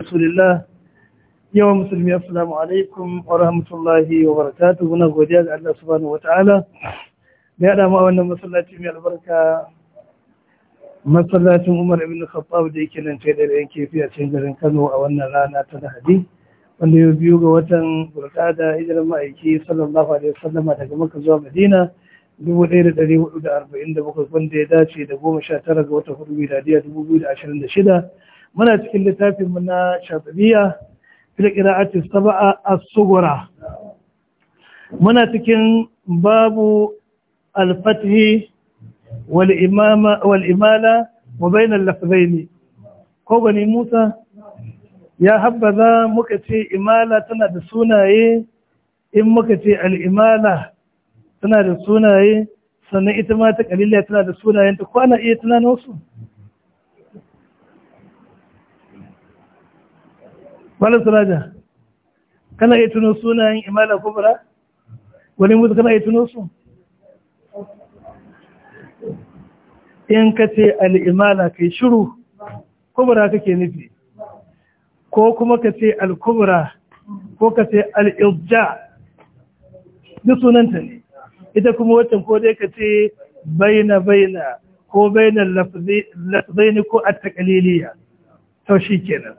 rasulullah yawan musulmi assalamu alaikum wa rahmatullahi wa barakatu muna godiya ga Allah subhanahu wa ta'ala da ya ma wannan masallaci mai albarka masallacin Umar ibn Khattab da yake nan tsaye yan kefi a cikin garin Kano a wannan rana ta Lahadi wanda ya biyu ga watan Burkada hijiran ma'aiki sallallahu alaihi wasallama daga Makka zuwa Madina 1447 wanda ya dace da 19 ga watan hudu miladiya 2026 muna cikin littafin mu na shafi'iyya fil qira'ati sab'a as-sughra muna cikin babu al-fathi wal imama wal imala wa al-lafzayn ko bani Musa ya habbaza muka ce imala tana da sunaye in muka ce al-imala tana da sunaye sannan ita ma ta kaliliya tana da sunayenta kwana iya tunanin wasu malam suraja kana iya tuno sunayen imala kubra wani mutu kana iya tuno su in ka ce al'imala kai shiru kubra kake nufi ko kuma ka ce al'kubra ko ka ce al'ilja duk sunanta ne ita kuma wacce ko dai ka ce baina baina ko baina lafzaini ko at-taqliliya to kenan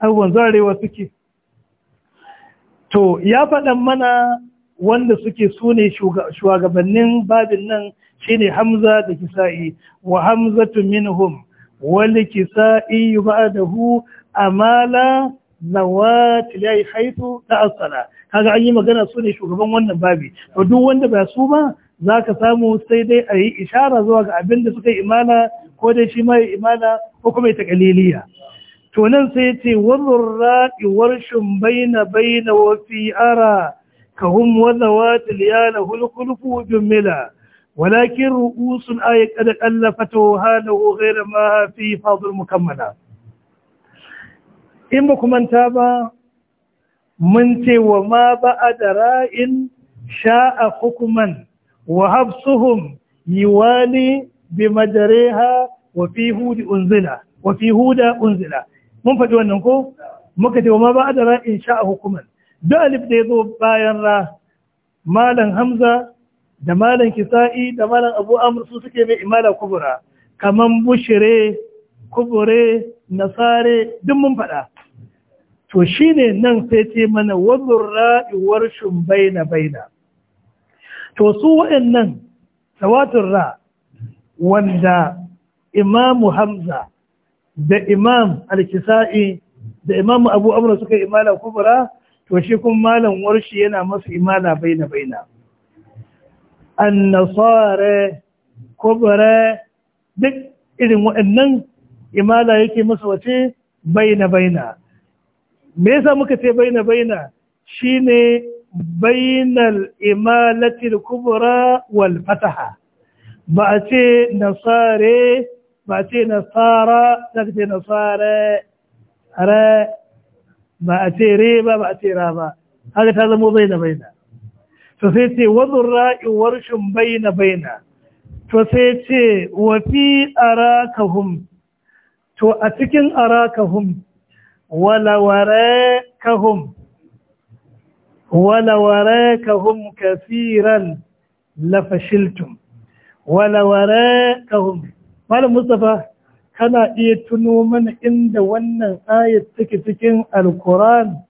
abubuwan zarewa suke to ya faɗan mana wanda suke su shugabannin babin nan shine hamza da kisa'i wa hamzatu minhum wani kisa'i ba'dahu amala zawati lai haitu da asala kaga an magana su ne shugaban wannan babi to duk wanda ba su ba zaka samu sai dai a yi ishara zuwa ga abin da suka yi imana ko dai shi ma imana ko kuma ita kaliliya to nan sai ya ce wazin raɗi warshin baina baina wafi ara kahum wanda wata liyana hulkulku jummila walakin ru'usun aya kada kallafa ta wahala ko gaira ma fi fadul mukammala in ba ta ba mun ce wa ma ba da ra'in sha'a hukuman wa hafsuhum yiwali bi majareha wa fi huda unzila mun faɗi wannan ko muka ce ma ba a da ra'in sha'a hukumar. da alif da ya zo bayan ra malam hamza da malam kisa'i da malam abu amur su suke mai imala kubura kamar bushire kubure nasare duk mun faɗa to shi ne nan sai ce mana wazur ra'iwar baina baina to su waɗannan tawatun ra wanda imamu hamza da imam al-kisa'i da imam abu amra suka imala kubra to shi kun malam warshi yana masu imala baina baina an kubra duk irin waɗannan imala yake masa wace baina baina me yasa muka ce baina baina shine bainal imalatil kubra wal fataha ba a ce nasare مأتين نصارى تكتين نصارى أرى مأتين ريبة مأتين هذا هذا هذا مضينا بينا فسيتي وضراء ورش بين بينا فسيتي وفي أراكهم تو تؤتكن أراكهم ولوراكهم ولوراكهم كثيرا لفشلتم ولوراكهم malam mustapha kana iya tuno mana inda wannan ayat take cikin alquran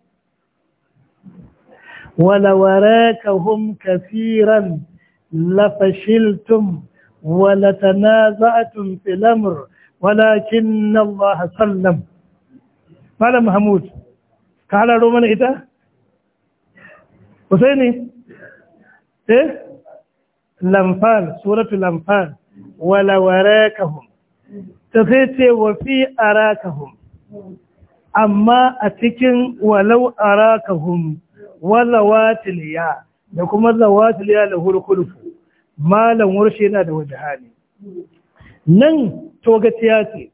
wala warakahum kaseeran lafashiltum wala tanaza'tum fil amr walakin Allah sallam malam mahmud ka halaro mana ita Husaini eh lamfal suratul lamfal wala warakahum ta sai ce wa fi arakahum amma a cikin walau arakahum wala watiliya da kuma zawatiliya da hulkulfu malam warshe yana da wajahani nan togaciya ce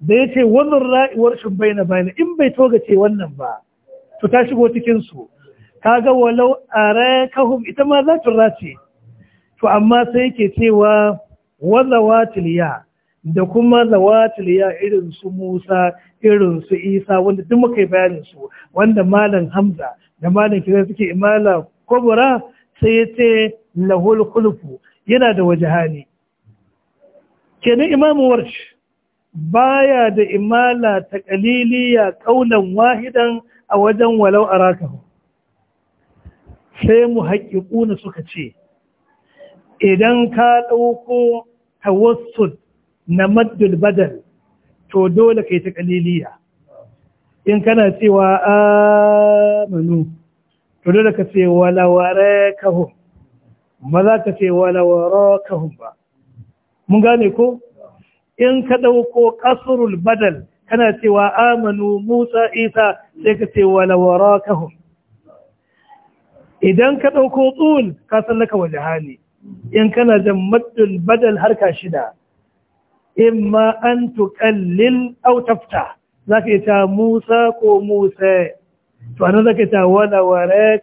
da ya ce wannan ra'iwar shi bai na bayan in bai togace wannan ba to ta shigo cikinsu kaga walau a ita ma za ta race to amma sai ke cewa wazawatiliya da kuma zawatiliya irin su Musa irin su Isa wanda duk muka yi bayanin su wanda malam Hamza da malam Kira suke imala kubra sai ya ce lahul khulfu yana da wajahani kenan imamu warshi baya da imala ta kaliliya kaunan wahidan a wajen walau arakahu sai mu haƙiƙuna suka ce idan ka ɗauko tawassul na maddul badal to dole yi ta kaliliya in kana cewa amanu to dole ka ce walawarai kahun ba za ka ce walawarai kahun ba mun gane ko in ka ɗauko ƙasurul badal kana cewa amanu musa isa sai ka ce walawarai kahun idan ka ɗauko tsul ka san laka wajahani in kana da maddul badal harka shida in ma an tuqallil aw tafta ka yi ta Musa ko Musa to anan zaka yi ta wala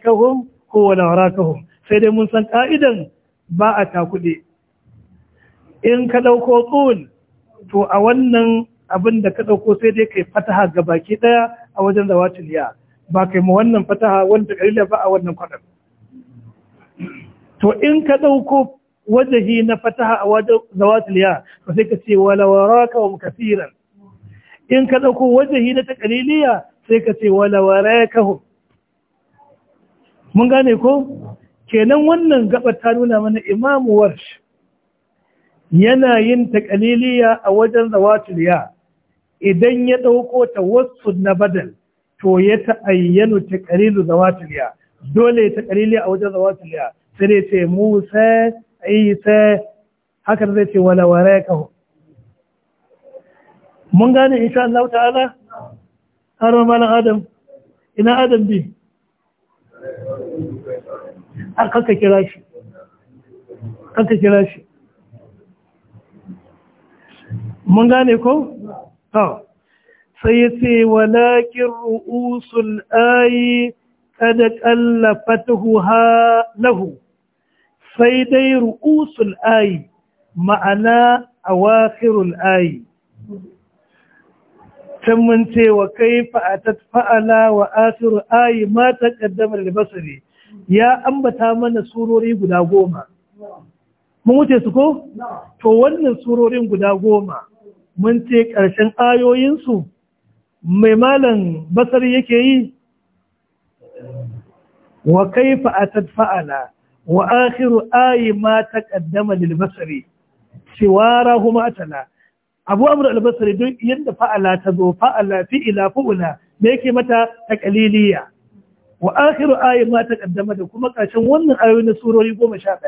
kahun ko wala kahun sai dai mun san ka'idan ba a kuɗi, in ka ɗauko tsul to a wannan abin da ka ɗauko sai dai kai fataha ga baki ɗaya a wajen zawatul ya ba kai mu wannan fataha wanda kalila ba a wannan kwaɗan to in ka ɗauko wajahi na fataha a wajen ya to sai ka ce wala waraka wa kaseeran in ka ɗauko wajahi na takaliliya sai ka ce wala waraka mun gane ko kenan wannan gaba ta nuna mana imamu warsh yana yin takaliliya a wajen ya idan ya ɗauko ta wasu na badal to ya taqalilu zawatul ya dole ta takaliliya a wajen ya sai dai ce Musa Isa haka zai ce wala warakahu mun gane insha Allah ta'ala har malam Adam ina Adam bi aka kira shi aka kira shi mun gane ko? ha sai ya ce walakin ru'usul ayi kada kallafatuhu ha lahu sai dai ru'usul ayi ma'ana wakirul ayi can mun ce wa kai fa'ala wa asiru ayi mata kaddamar da basari ya ambata mana surori guda goma mun wuce su ko to wannan surorin guda goma mun ce ƙarshen ayoyinsu mai malan basari yake yi wa kai fa'atat fa'ala wa akhiru ayi ma taqaddama lil basri siwarahuma atala tala abu amr al basri duk yanda fa'ala ta zo fa'ala ila fu'ula me yake mata taqaliliya wa akhiru ayi ma taqaddama da kuma kashin wannan ayoyi na surori 11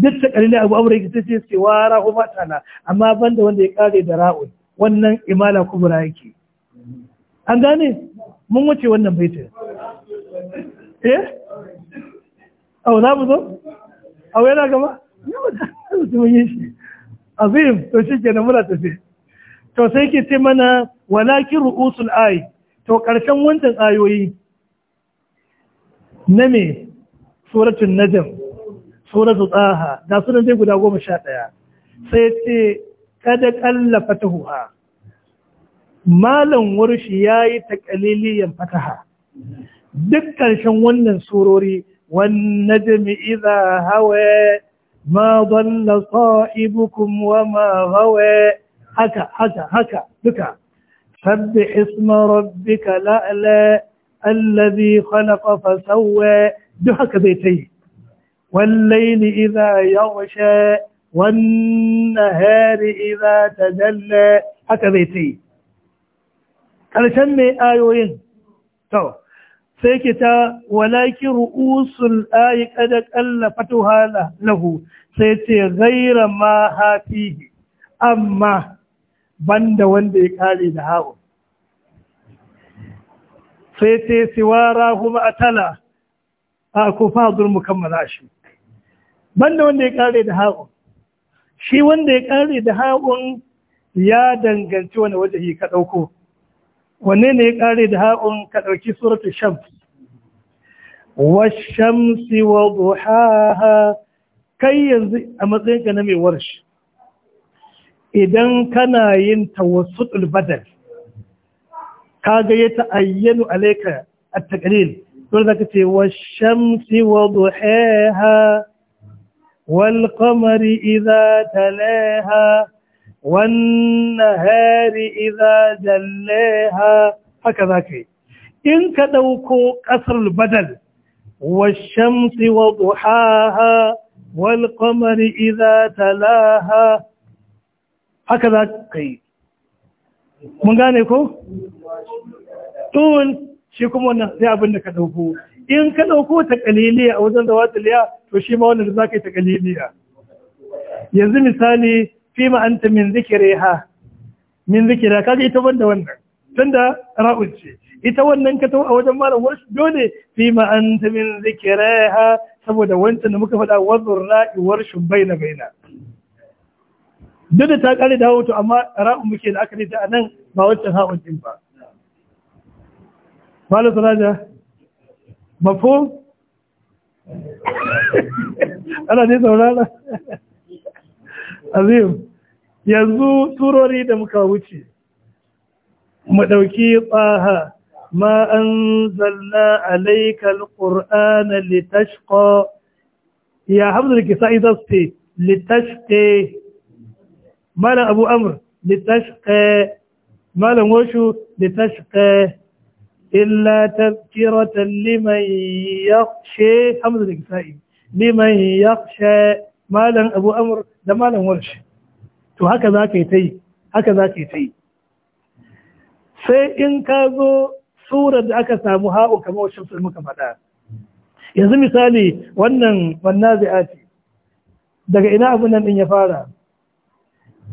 duk ta abu amurka yake ce siwarahuma atala amma banda wanda ya kare da ra'u wannan imala kubura yake an gane mun wuce wannan baitin eh au za mu zo au yana gaba mutumin shi azim to shi kenan muna tafi to sai ke ce mana walakin ru'usul ay to karshen wancan ayoyi na me suratul najm suratul taha da sunan dai guda 11 sai ce kada kalla fatahuha malam warshi yayi takaliliyan fataha duk ƙarshen wannan surori والنجم إذا هوى ما ضل صائبكم وما غوى هكا هكا هكا بكا سبح اسم ربك لألا الذي خلق فسوى دهك بيتي والليل إذا يغشى والنهار إذا تجلى هكا بيتي قال سمي آيوين تو sai ke ta walaki ru'usul ayi kada kalla fatuha lahu sai ce ghaira ma hafihi amma banda wanda ya kare da hawo sai ce siwara kuma atala a kufadul mukammala shi banda wanda ya kare da hawo shi wanda ya kare da hawon ya danganci wani waje ka ɗauko. wanne ne ya ƙare da ha'un ka ɗauki suratu shams shamsi wa duhaha kai yanzu a matsayinka na mai warshi idan kana yin tawassul badal kaga ya ta'ayyanu alayka at-taqlil dole zaka ce shamsi wa duhaha wal qamari idha talaha wannahari idza jallaha hakaza ke in ka dauko qasr al-badal wash-shamsi wa duhaha wal-qamari idza talaha hakaza ke mun gane ko tun shi kuma wannan sai abin da ka dauko in ka dauko ta kaliliya a wajen zawatul ya to shi ma wannan zaka yi ta kaliliya yanzu misali fi ma anta min zikriha min ha kaga ita banda wannan tunda da ra'unci ita wannan ka tawo a wajen malam wasu dole fi ma anta min zikriha saboda wancan da muka faɗa wadhur ra'i warshun baina baina duk da ta kare dawo to amma ra'un muke da aka rita anan ba wancan ha'uncin ba malam mafhum ana ne saurara azim yanzu turori da muka wuce mu ɗauki tsaha ma an zalla alaikal ƙur'ana litashko ya hamdu da kisa za su ce litashke malam abu amur litashke malam washu litashke illa tazkiratan liman yakshe hamdu da kisa liman yakshe malam abu amur da malam warshi to haka za ka yi ta yi haka za ka yi ta yi sai in ka zo surar da aka samu ha'u kamar wacce sun muka faɗa yanzu misali wannan wannan zai'ati daga ina abin nan ɗin ya fara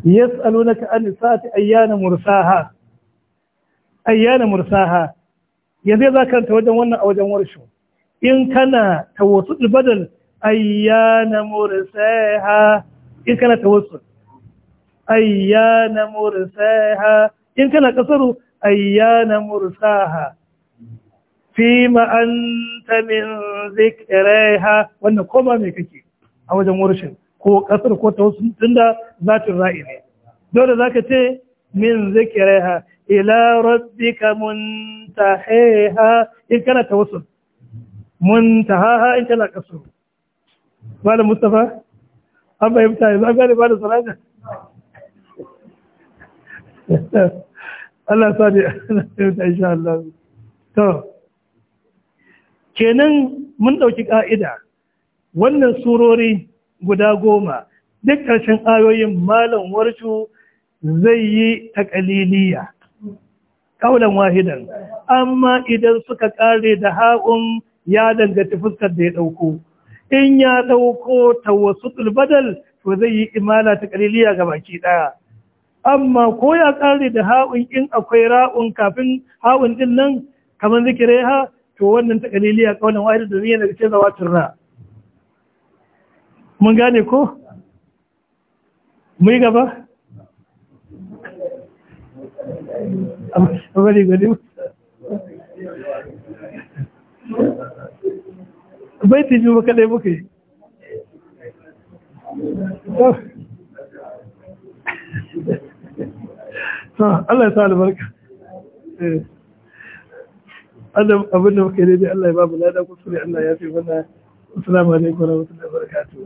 yas'alunaka an sa'ati ayyana mursaha ayyana mursaha yanzu ya zakanta wajen wannan a wajen warshu in kana wasu badal ayyana mursaha in kana tawassul ayyana mursaha in kana kasaru ayyana mursaha fima anta min zikraha wannan koma me kake a wajen wurshin ko kasar ko tawassul tunda zatin ra'i ne dole zaka ce min zikraha ila rabbika muntahiha in kana tawassul muntahaha in kana kasaru malam Mustapha an fahimta yanzu an gane ba da salaja Allah sa ne ta fahimta insha Allah to kenan mun ɗauki ƙa'ida wannan surori guda goma duk ƙarshen ayoyin malam Warshu zai yi taƙaliliya ƙaunar wahidan amma idan suka ƙare da ha'un ya danganci fuskar da ya ɗauko in ya dauko wasu badal to zai yi imala ta qaliliya ga baki daya amma ko ya kare da ha'un in akwai ra'un kafin ha'un din nan kaman ha? to wannan ta qaliliya kaulan wahid da zai daga cikin zawatir mun gane ko mu yi gaba baiti biyu kaɗai muka yi Allah ya sa albarka eh. abin da muka yi daidai Allah ya ba mu lada suri Allah ya fi mana assalamu alaikum wa rahmatullahi wa barakatuh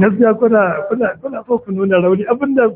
gaskiya kuna kuna kuna so ku nuna rauni abinda